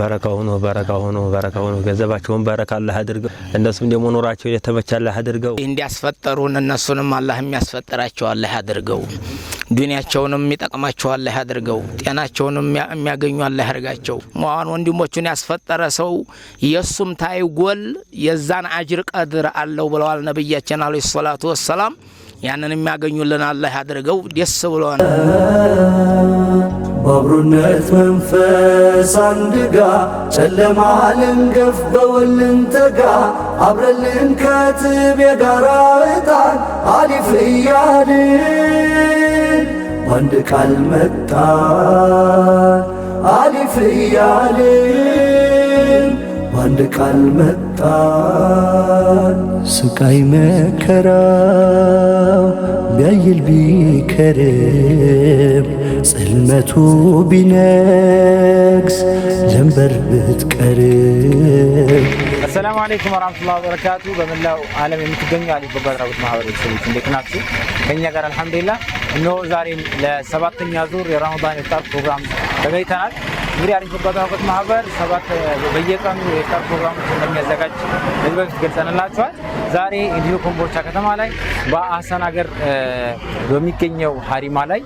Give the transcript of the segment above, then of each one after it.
በረካ ሆኖ በረካ ሆኖ በረካ ሆኖ ገንዘባቸውን በረካ አላህ አድርገው እነሱም ደግሞ ኑሯቸው የተመቸ አላህ አድርገው እንዲያስፈጠሩን እነሱንም አላህ የሚያስፈጥራቸው አላህ አድርገው ዱንያቸውንም የሚጠቅማቸው አላህ አድርገው ጤናቸውንም የሚያገኙ አላህ አድርጋቸው። መዋን ወንድሞቹን ያስፈጠረ ሰው የእሱም ታይጎል የዛን አጅር ቀድር አለው ብለዋል ነቢያችን አለይሂ ሰላቱ ወሰላም። ያንን የሚያገኙልን አላህ አድርገው። ደስ ብሎን በአብሮነት መንፈስ አንድጋ ጨለማ ልንገፍ በወልን ተጋ አብረልን ከትብ የጋራ እጣን አሊፍ እያልን በአንድ ቃል መጣን አሊፍ እያልን በአንድ ቃል መጣን ስቃይ መከራው ቢያይል ቢከርም ጽልመቱ ቢነግስ ጀንበር ብትቀር። አሰላሙ አለይኩም ወራህመቱላሂ ወበረካቱ። በመላው ዓለም የምትገኙ አሊ በጎ አድራጎት ማህበር እንዴት ናችሁ? ከእኛ ጋር አልሐምዱሊላህ። እነሆ ዛሬም ለሰባተኛ ዙር የረመዳን የፍጣር ፕሮግራም ተገኝተናል። እንግዲህ አሊ በጎ አድራጎት ማህበር ሰባት በየቀኑ የፍጣር ፕሮግራሞች እንደሚያዘጋጅ በዚህ በፊት ገልጸንላችኋል። ዛሬ እንዲሁ ኮምቦልቻ ከተማ ላይ በአሰን ሀገር በሚገኘው ሀሪማ ላይ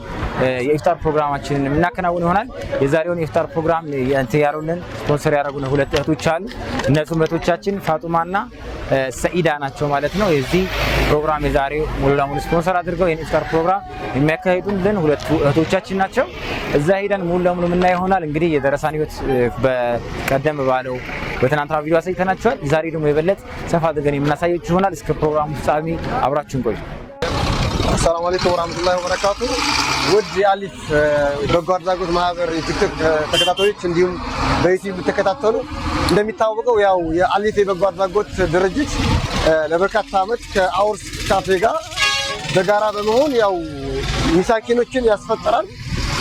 የኢፍጣር ፕሮግራማችንን የምናከናውን ይሆናል። የዛሬውን የኢፍጣር ፕሮግራም እንትን ያሉልን ስፖንሰር ያደረጉን ሁለት እህቶች አሉ። እነሱም እህቶቻችን ፋጡማና ሰኢዳ ናቸው ማለት ነው። የዚህ ፕሮግራም የዛሬ ሙሉ ለሙሉ ስፖንሰር አድርገው ይህን ኢፍጣር ፕሮግራም የሚያካሂዱልን ሁለቱ እህቶቻችን ናቸው። እዛ ሄደን ሙሉ ለሙሉ የምናየው ይሆናል። እንግዲህ የደረሳን ህይወት በቀደም ባለው በትናንትና ቪዲዮ አሳይተናችኋል። ዛሬ ደግሞ የበለጥ ሰፋ አድርገን የምናሳያችሁ ይሆናል። እስከ ፕሮግራሙ ፍጻሜ አብራችሁን ቆዩ። አሰላሙ አለይኩም ወራህመቱላሂ ወበረካቱ። ውድ የአሊፍ በጎ አድራጎት ማህበር የቲክቶክ ተከታታዮች እንዲሁም በዩቲዩብ ተከታተሉ። እንደሚታወቀው ያው የአሊፍ የበጎ አድራጎት ድርጅት ለበርካታ ዓመት ከአውርስ ካፌ ጋር በጋራ በመሆን ያው ሚሳኪኖችን ያስፈጠራል።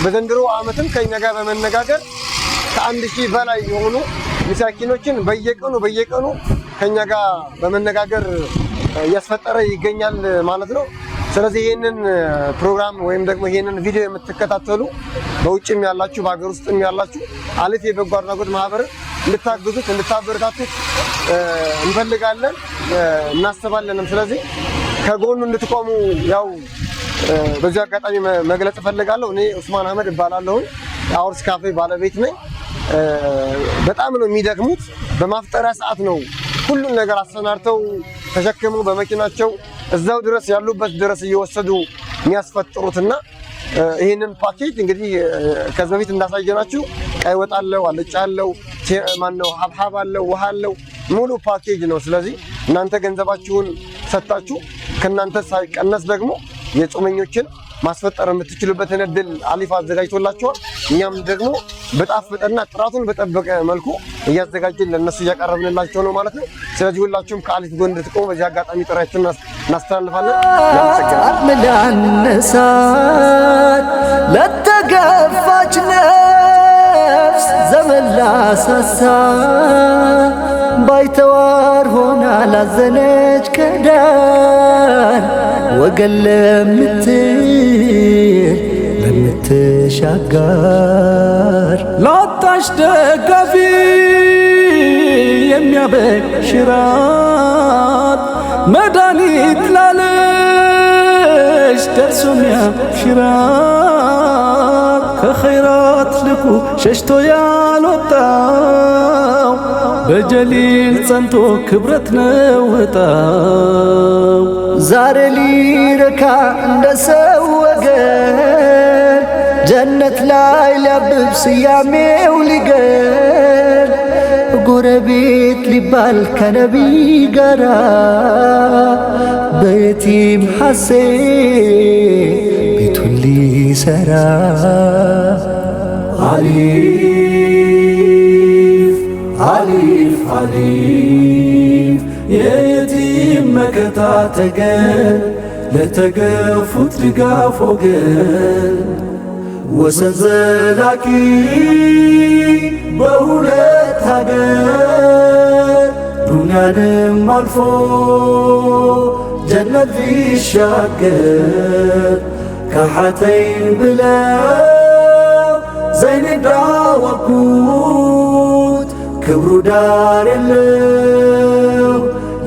በዘንድሮ ዓመትም ከኛ ጋር በመነጋገር ከአንድ ሺህ በላይ የሆኑ ሚሳኪኖችን በየቀኑ በየቀኑ ከኛ ጋር በመነጋገር እያስፈጠረ ይገኛል ማለት ነው። ስለዚህ ይህንን ፕሮግራም ወይም ደግሞ ይህንን ቪዲዮ የምትከታተሉ በውጭም ያላችሁ በሀገር ውስጥም ያላችሁ አሊፍ የበጎ አድራጎት ማህበር እንድታግዙት እንድታበረታቱት እንፈልጋለን እናስባለንም። ስለዚህ ከጎኑ እንድትቆሙ ያው በዚህ አጋጣሚ መግለጽ እፈልጋለሁ። እኔ ኡስማን አህመድ እባላለሁኝ። አውርስ ካፌ ባለቤት ነኝ። በጣም ነው የሚደክሙት። በማፍጠሪያ ሰዓት ነው ሁሉን ነገር አሰናድተው ተሸክመው በመኪናቸው እዛው ድረስ ያሉበት ድረስ እየወሰዱ የሚያስፈጥሩትና ይህንን ፓኬጅ እንግዲህ ከዚ በፊት እንዳሳየናችሁ ቀይ ወጥ አለው፣ አልጫ አለው፣ ማነው ሀብሀብ አለው፣ ውሃ አለው፣ ሙሉ ፓኬጅ ነው። ስለዚህ እናንተ ገንዘባችሁን ሰታችሁ ከእናንተ ሳይቀነስ ደግሞ የጾመኞችን ማስፈጠር የምትችሉበትን እድል አሊፍ አዘጋጅቶላቸዋል። እኛም ደግሞ በጣፈጠና ጥራቱን በጠበቀ መልኩ እያዘጋጀን ለእነሱ እያቀረብንላቸው ነው ማለት ነው። ስለዚህ ሁላችሁም ከአሊፍ ጎን እንድትቆሙ በዚህ አጋጣሚ ጥሪያችን እናስተላልፋለን። ምላነሳት ለተገፋች ነፍስ ዘመን ላሳሳ ባይተዋር ሆና ላዘነች ከዳን ወገን ለምትል ልሻጋር ላጣሽ ደጋፊ የሚያበሽራት መድኃኒት ላለሽ ደርሶ የሚያብሽራት ከኸይራት ልኩ ሸሽቶ ያልወጣው በጀሊል ጸንቶ ክብረት ነው ዛሬ ሊረካ እንደ ሰው ወገን ላይ ሊያብብ ስያሜው ሊገል ጎረቤት ሊባል ከነቢይ ጋራ በየቲም ሐሴ ቤቱን ሊሰራ አሊፍ አሊፍ አሊፍ የየቲም መከታ ተገን ለተገፉት ድጋፍ ወገን ወሰን ዘላቂ በሁለት ሀገር ዱንያንም አልፎ ጀነት ቢሻገር ከሓተይን ብለው ዘይን ክብሩ ዳር የለው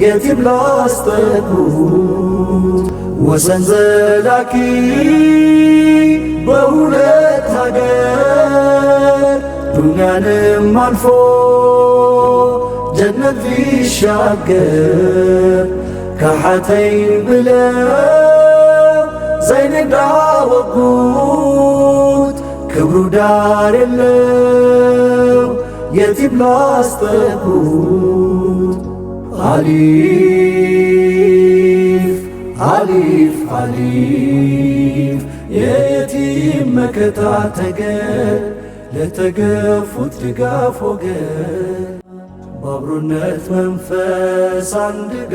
የቲም ላስጠጉት ወሰን ዘላቂ በሁለት ሀገር ዱንያንም አልፎ ጀነት ቢሻገር ከሓተይን ብለው ዘይንዳ ወጉት ክብሩ ዳር የለው የቲም ላስጠጉት አሊ አሊፍ አሊፍ የየቲም መከታ ተገን ለተገፉት ድጋፍ ወገን በአብሮነት መንፈስ አንድጋ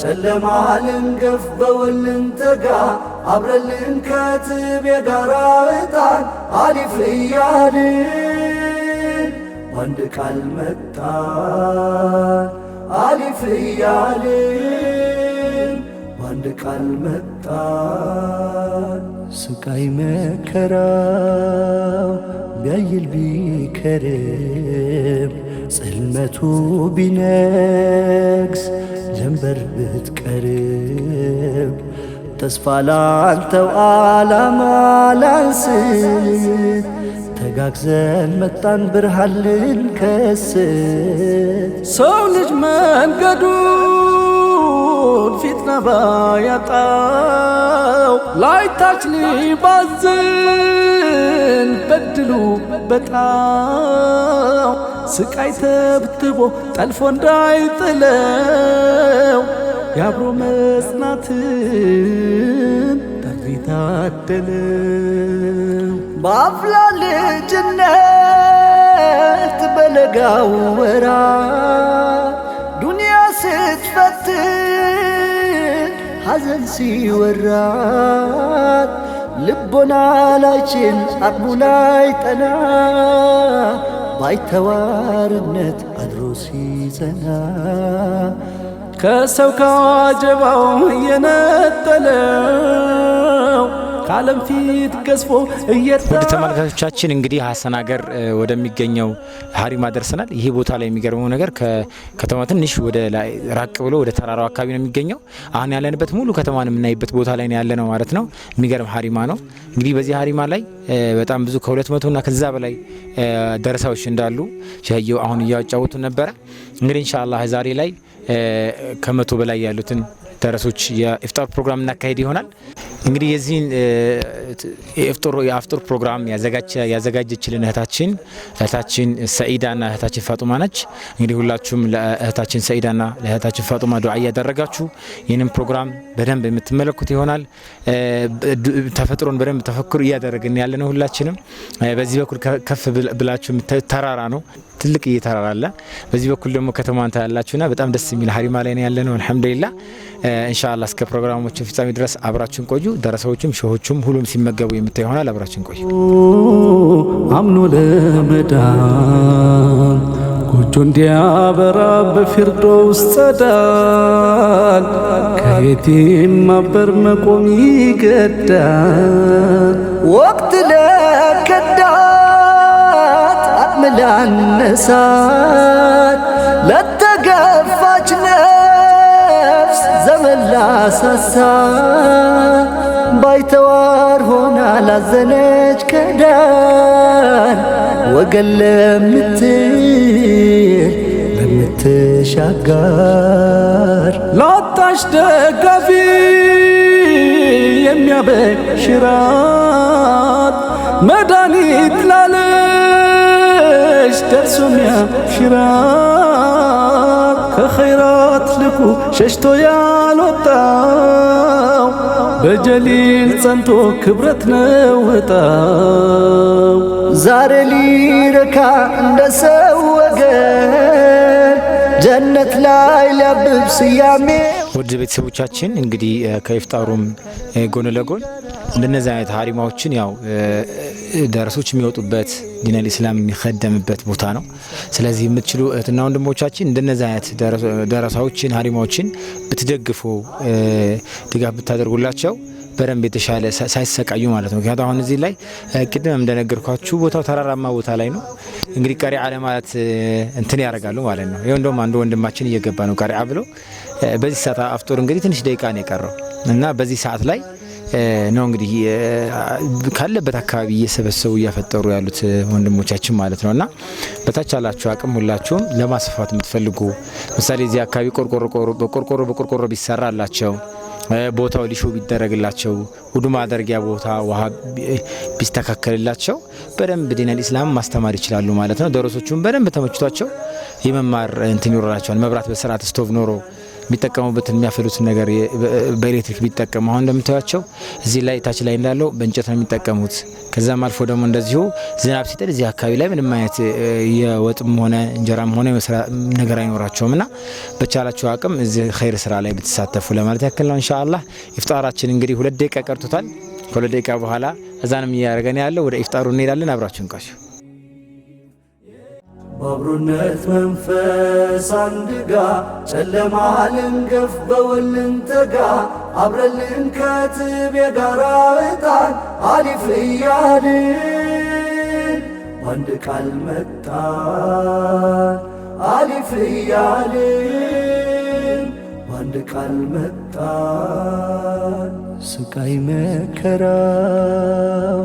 ጨለማ ልንገፍ በወልን ልንተጋ አብረልን ልንከትብ የጋራ እጣን አሊፍ እያልን በአንድ ቃል መጣን አሊፍ እያልን አንድ ቃል መጣል ስቃይ መከራው ቢያይል ቢከርም ጽልመቱ ቢነግስ ጀንበር ብትቀርብ ተስፋ ላንተው ዓላማ ላንስት ተጋግዘን መጣን ብርሃን ከስ ሰው ልጅ መንገዱ ሰውን ፊትና ባያጣው ላይታች ባዝን በድሉ በጣው ስቃይ ተብትቦ ጠልፎ እንዳይጥለው የአብሮ መጽናትን ጠሪ ታደለው በአፍላ ልጅነት በለጋው ወራ ስትፈትን ሐዘን ሲወራት ልቦና ላይችን አቅሙ ላይ ጠና ባይተዋርነት አድሮ ሲዘና ከሰው ካጀባው የነጠለው ከዓለም ፊት ገዝፎ እየጠራ። ወደ ተመልካቾቻችን እንግዲህ ሀሰን ሀገር ወደሚገኘው ሀሪማ ደርሰናል። ይህ ቦታ ላይ የሚገርመው ነገር ከከተማ ትንሽ ወደ ላይ ራቅ ብሎ ወደ ተራራው አካባቢ ነው የሚገኘው። አሁን ያለንበት ሙሉ ከተማን የምናይበት ቦታ ላይ ነው ያለ ነው ማለት ነው። የሚገርም ሀሪማ ነው እንግዲህ በዚህ ሀሪማ ላይ በጣም ብዙ ከሁለት መቶ እና ከዛ በላይ ደረሳዎች እንዳሉ ሸየው አሁን እያጫወቱ ነበረ። እንግዲህ ኢንሻአላህ ዛሬ ላይ ከመቶ በላይ ያሉትን ደረሶች የኢፍጣር ፕሮግራም እናካሄድ ይሆናል። እንግዲህ የዚህን የአፍጦር ፕሮግራም ያዘጋጀችልን እህታችን እህታችን ሰኢዳና እህታችን ፋጡማ ነች። እንግዲህ ሁላችሁም ለእህታችን ሰኢዳና ለእህታችን ፋጡማ ዱዓ እያደረጋችሁ ይህንን ፕሮግራም በደንብ የምትመለኩት ይሆናል። ተፈጥሮን በደንብ ተፈክሩ እያደረግን ያለ ሁላችንም በዚህ በኩል ከፍ ብላችሁ ተራራ ነው ትልቅ እየተራራ አለ። በዚህ በኩል ደግሞ ከተማን ታያላችሁና በጣም ደስ የሚል ሀሪማ ላይ ነው ያለ ነው። አልሐምዱሊላ እንሻላ እስከ ፕሮግራሞቹ ፍጻሜ ድረስ አብራችን ቆዩ። ደረሰዎቹም ሸሆቹም ሁሉም ሲመገቡ የምታይ ይሆናል። አብራችን ቆዩ። አምኖ ለመዳን ጎጆ እንዲያበራ በፊርዶ ጸዳል ከየቲም ማበር መቆም ይገዳል ወቅት ለከዳ ላነሳት ለተገፋች ነፍስ ዘመን ላሳሳ ባይተዋር ሆና ላዘነች ከዳን ወገን ለምትል ለምትሻጋር ላጣሽ ደጋፊ የሚያበሽራት መድኃኒት ላለ ደርሶሚያ ሽራብ ከኸይራት ልኩ ሸሽቶ ያልወጣው በጀሊል ጸንቶ ክብረት ነውጣው ዛሬ ሊረካ እንደ ሰው ወገን ጀነት ላይ ሊያብብ ስያሜ ውድ ቤተሰቦቻችን እንግዲህ ከኢፍጣሩም ጎን ለጎን እንደነዚህ አይነት ሀሪማዎችን ያው ደረሶች የሚወጡበት ዲነል ኢስላም የሚከደምበት ቦታ ነው። ስለዚህ የምትችሉ እህትና ወንድሞቻችን እንደነዚህ አይነት ደረሳዎችን ሀሪማዎችን ብትደግፉ ድጋፍ ብታደርጉላቸው በደንብ የተሻለ ሳይሰቃዩ ማለት ነው። ምክንያቱ አሁን እዚህ ላይ ቅድም እንደነገርኳችሁ ቦታው ተራራማ ቦታ ላይ ነው። እንግዲህ ቀሪ አለማለት እንትን ያደርጋሉ ማለት ነው። ይኸው እንደውም አንዱ ወንድማችን እየገባ ነው ቀሪ ብሎ በዚህ ሰዓት አፍጦር እንግዲህ ትንሽ ደቂቃ ነው የቀረው እና በዚህ ሰዓት ላይ ነው እንግዲህ ካለበት አካባቢ እየሰበሰቡ እያፈጠሩ ያሉት ወንድሞቻችን ማለት ነው እና በተቻላችሁ አቅም ሁላችሁም ለማስፋፋት የምትፈልጉ ምሳሌ እዚህ አካባቢ ቆርቆሮ በቆርቆሮ ቢሰራላቸው ቦታው ሊሾ ቢደረግላቸው ውዱ ማደርጊያ ቦታ ውሃ ቢስተካከልላቸው በደንብ ዲነል ኢስላም ማስተማር ይችላሉ ማለት ነው። ደረሶቹም በደንብ ተመችቷቸው የመማር እንትን ይኖራቸዋል። መብራት በስርዓት ስቶቭ ኖሮ የሚጠቀሙበትን የሚያፈሉትን ነገር በኤሌክትሪክ ቢጠቀሙ አሁን እንደምታያቸው እዚህ ላይ ታች ላይ እንዳለው በእንጨት ነው የሚጠቀሙት። ከዛም አልፎ ደግሞ እንደዚሁ ዝናብ ሲጥል እዚህ አካባቢ ላይ ምንም አይነት የወጥም ሆነ እንጀራም ሆነ የመስራ ነገር አይኖራቸውም እና በቻላችሁ አቅም እዚህ ኸይር ስራ ላይ ብትሳተፉ ለማለት ያክል ነው። ኢንሻአላህ ኢፍጣራችን እንግዲህ ሁለት ደቂቃ ቀርቶታል። ከሁለት ደቂቃ በኋላ እዛንም እያደረገን ያለው ወደ ኢፍጣሩ እንሄዳለን። አብራችሁን ቃችሁ በአብሮነት መንፈስ አንድጋ ጨለማ ልንገፍ በወልን ተጋ አብረልን ከትብ የጋራ እጣን አሊፍ እያልን በአንድ ቃል መጣን አሊፍ እያልን በአንድ ቃል መጣን ስቃይ መከራው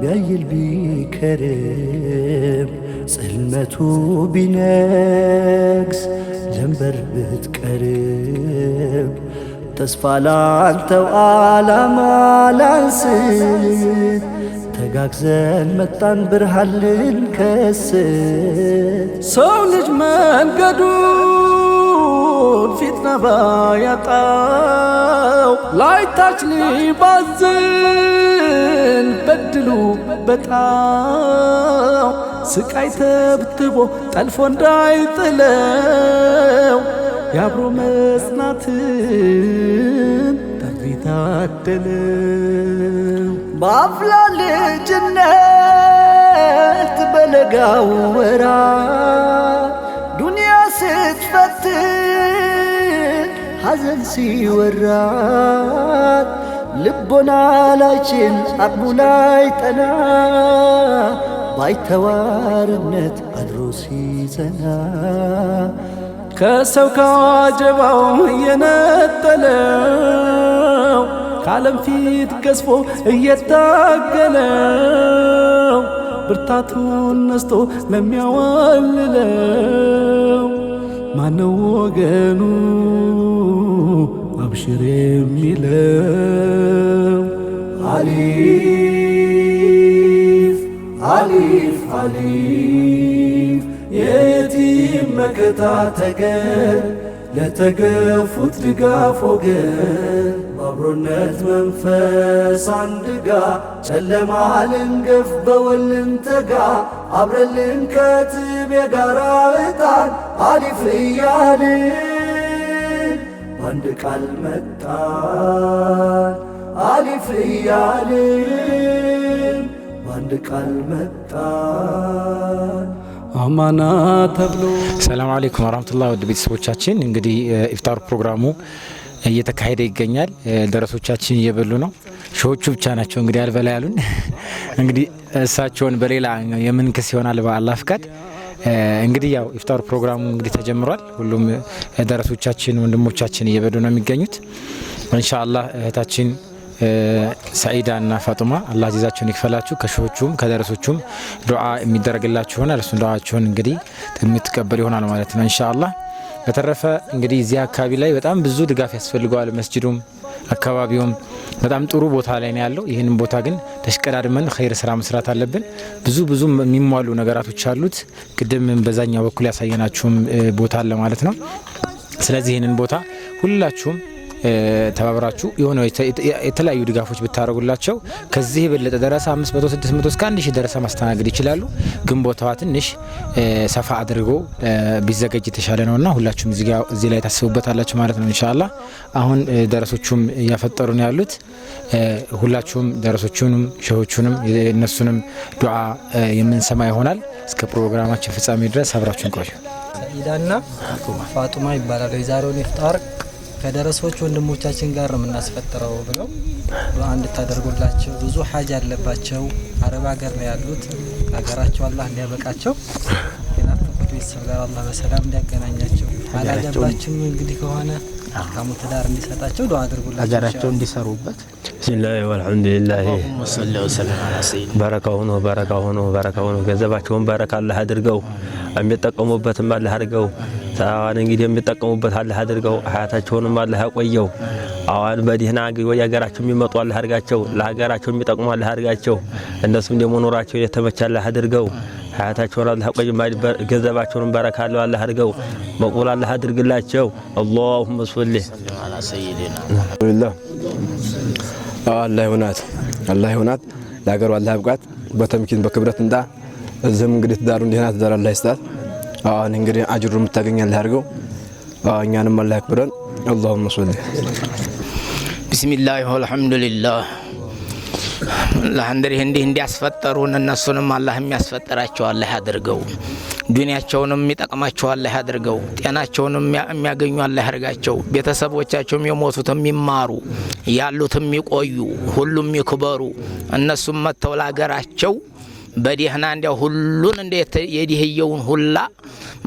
ቢያይል ቢከርም ጽልመቱ ቢነግስ ጀንበር ብትቀርብ ተስፋ ላንተው ዓላማ ላንስት ተጋግዘን መጣን ብርሃን ልንከስት ሰው ልጅ መንገዱ ሰውን ፊትና ባያጣው ላይታች ሊባዝን በድሉ በጣም ስቃይ ተብትቦ ጠልፎ እንዳይጥለው የአብሮ መጽናትን ጠሪ በአፍላ ልጅነት በለጋው ወራ ዱንያ ስትፈትን ሐዘን ሲወራት ላችን አቅሙ ላይ ጠና ባይተዋርነት አድሮ ሲዘና ከሰው ካጀባው እየነጠለው ከዓለም ፊት ገዝፎ እየታገለው ብርታቱን ነስቶ ለሚያዋልለው ማነው ወገኑ አብሽር የሚለው? አሊፍ አሊፍ አሊፍ የየቲም መከታ ተገን ለተገፉት ድጋፍ ወገን በአብሮነት መንፈስ አንድጋ ጨለማ ልንገፍ በወልን ተጋ አብረልን ከትብ የጋራ እጣን አሊፍ እያልን በአንድ ቃል መጣን አሊፍ እያልን በአንድ ቃል መጣን አማና ተብሎ። ሰላም አለይኩም ወራህመቱላህ ውድ ቤተሰቦቻችን እንግዲህ ኢፍጣር ፕሮግራሙ እየተካሄደ ይገኛል። ደረሶቻችን እየበሉ ነው። ሾዎቹ ብቻ ናቸው እንግዲህ አልበላ ያሉን። እንግዲህ እሳቸውን በሌላ የምንክስ ይሆናል በአላህ ፍቃድ። እንግዲህ ያው ኢፍጣር ፕሮግራሙ እንግዲህ ተጀምሯል። ሁሉም ደረሶቻችን ወንድሞቻችን እየበሉ ነው የሚገኙት። እንሻአላህ እህታችን ሰዒዳ እና ፋጡማ አላህ ጀዛቸውን ይክፈላችሁ። ከሾዎቹም ከደረሶቹም ዱዓ የሚደረግላችሁ ሆነ እርሱን ዱዓችሁን እንግዲህ የምትቀበል ይሆናል ማለት ነው እንሻአላህ በተረፈ እንግዲህ እዚህ አካባቢ ላይ በጣም ብዙ ድጋፍ ያስፈልገዋል። መስጅዱም አካባቢውም በጣም ጥሩ ቦታ ላይ ነው ያለው። ይህንን ቦታ ግን ተሽቀዳድመን ኸይር ስራ መስራት አለብን። ብዙ ብዙ የሚሟሉ ነገራቶች አሉት። ቅድም በዛኛው በኩል ያሳየናችሁም ቦታ አለ ማለት ነው። ስለዚህ ይህንን ቦታ ሁላችሁም ተባብራችሁ የሆነ የተለያዩ ድጋፎች ብታደርጉላቸው ከዚህ የበለጠ ደረሳ 500፣ 600 እስከ ሺህ ደረሳ ማስተናገድ ይችላሉ። ግን ቦታዋ ትንሽ ሰፋ አድርጎ ቢዘጋጅ የተሻለ እና ሁላችሁም እዚህ ላይ ታስቡበታላችሁ ማለት ነው። እንሻላ አሁን ደረሶቹም እያፈጠሩ ነው ያሉት። ሁላችሁም ደረሶቹንም ሸሆቹንም እነሱንም ዱዓ የምንሰማ ይሆናል። እስከ ፕሮግራማችን ፍጻሜ ድረስ አብራችሁን ቆዩ። ሰኢዳና ፋጡማ ይባላሉ። የዛሬውን ኢፍጣር ከደረሶች ወንድሞቻችን ጋር የምናስፈጥረው ብለው ዱዓ እንድታደርጉላቸው። ብዙ ሀጅ ያለባቸው አረብ ሀገር ነው ያሉት። ሀገራቸው አላህ እንዲያበቃቸው የናፈቁት ቤተሰብ ጋር አላህ በሰላም እንዲያገናኛቸው፣ አላገባችም እንግዲህ ከሆነ መልካሙ ትዳር እንዲሰጣቸው ዱዓ አድርጉላቸው፣ ሀገራቸው እንዲሰሩበት። ብስሚላህ ወልሐምዱሊላህ በረካ ሆኖ በረካ ሆኖ በረካ ሆኖ ገንዘባቸውን በረካ አላህ አድርገው፣ የሚጠቀሙበትም አላህ አድርገው አሁን እንግዲህ የሚጠቀሙበት አላህ አድርገው ሀያታቸውንም አላህ ያቆየው። አዋን በዲህና ወደ ሀገራቸው የሚመጡ አላህ አድርጋቸው። ለሀገራቸው የሚጠቅሙ አላህ አድርጋቸው። እነሱም ደግሞ ኑሯቸው የተመቸ አላህ አድርገው። ሀያታቸውን አላህ ያቆይ። ገንዘባቸውንም በረካለው አላህ አድርገው። መቁል አላህ አድርግላቸው። አላሁመ ሶሊ አላህ ይሆናት አላህ ይሆናት ለሀገሩ አላህ ያብቃት። በተምኪን በክብረት እንዳ እዚህም እንግዲህ ትዳሩ እንዲህና ትዳር አላህ ይስጣት። አሁን እንግዲህ አጅሩ የምታገኛለህ አድርገው እኛንም አላህ ያክብረን። አላሁመ ሶሊ ቢስሚላህ ወልሐምዱሊላህ። እንዲህ እንዲህ እንዲያስፈጠሩን እነሱንም አላህ የሚያስፈጠራቸው አላህ አድርገው ዱንያቸውንም የሚጠቅማቸው አላህ ያድርገው። ጤናቸውንም የሚያገኙ አላህ ያድርጋቸው። ቤተሰቦቻቸውም የሞቱት ይማሩ፣ ያሉት የሚቆዩ ሁሉም ይክበሩ። እነሱም መጥተው ለሀገራቸው በዲህና እንዲያው ሁሉን እንደ የዲህየውን ሁላ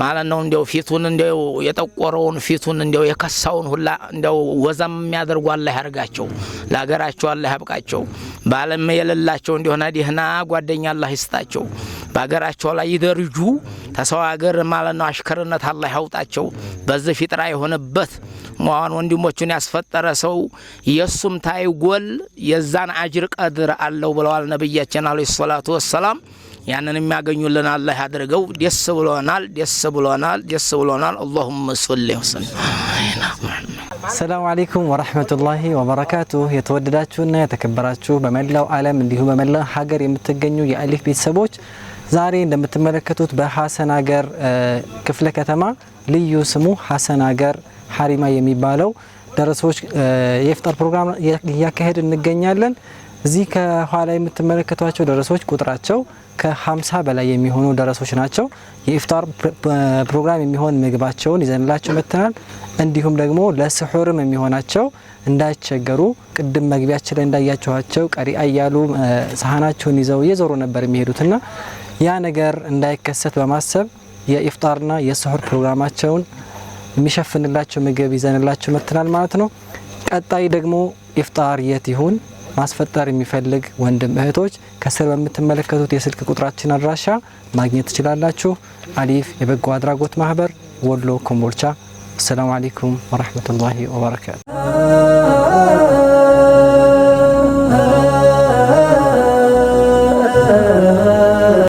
ማለት ነው እንዲያው ፊቱን እንዲያው የጠቆረውን ፊቱን እንዲያው የከሳውን ሁላ እንዲያው ወዘም የሚያደርጉ አላህ ያርጋቸው፣ ለሀገራቸው አላህ ያብቃቸው። ባለም የሌላቸው እንዲሆነ ዲህና ጓደኛ አላህ ይስጣቸው። በሀገራቸው ላይ ይደርጁ። ተሰው ሀገር ማለት ነው አሽከርነት አላህ ያውጣቸው። በዚህ ፊጥራ የሆነበት መሆን ወንድሞቹን ያስፈጠረ ሰው የእሱም ታይጎል የዛን አጅር ቀድር አለው ብለዋል ነቢያችን አለ ሰላቱ ወሰላም። ያንን የሚያገኙልን አላህ ያድርገው። ደስ ብሎናል፣ ደስ ብሎናል፣ ደስ ብሎናል። አላሁመ ሶሊ ወሰለም። ሰላሙ አሌይኩም ወራህመቱላሂ ወበረካቱ። የተወደዳችሁና የተከበራችሁ በመላው ዓለም እንዲሁም በመላው ሀገር የምትገኙ የአሊፍ ቤተሰቦች ዛሬ እንደምትመለከቱት በሀሰን ሀገር ክፍለ ከተማ ልዩ ስሙ ሀሰን ሀገር ሀሪማ የሚባለው ደረሶች የኢፍጣር ፕሮግራም እያካሄድ እንገኛለን። እዚህ ከኋላ የምትመለከቷቸው ደረሶች ቁጥራቸው ከ50 በላይ የሚሆኑ ደረሶች ናቸው። የኢፍጣር ፕሮግራም የሚሆን ምግባቸውን ይዘንላቸው መጥተናል። እንዲሁም ደግሞ ለስሑርም የሚሆናቸው እንዳይቸገሩ ቅድም መግቢያችን ላይ እንዳያችኋቸው ቀሪአ እያሉ ሳህናቸውን ይዘው እየዞሩ ነበር የሚሄዱትና ያ ነገር እንዳይከሰት በማሰብ የኢፍጣርና የስሁር ፕሮግራማቸውን የሚሸፍንላቸው ምግብ ይዘንላቸው መጥተናል ማለት ነው። ቀጣይ ደግሞ ኢፍጣር የት ይሁን ማስፈጠር የሚፈልግ ወንድም እህቶች ከስር በምትመለከቱት የስልክ ቁጥራችን አድራሻ ማግኘት ትችላላችሁ። አሊፍ የበጎ አድራጎት ማህበር ወሎ ኮምቦልቻ። አሰላሙ አለይኩም ወረህመቱላሂ ወበረካቱ።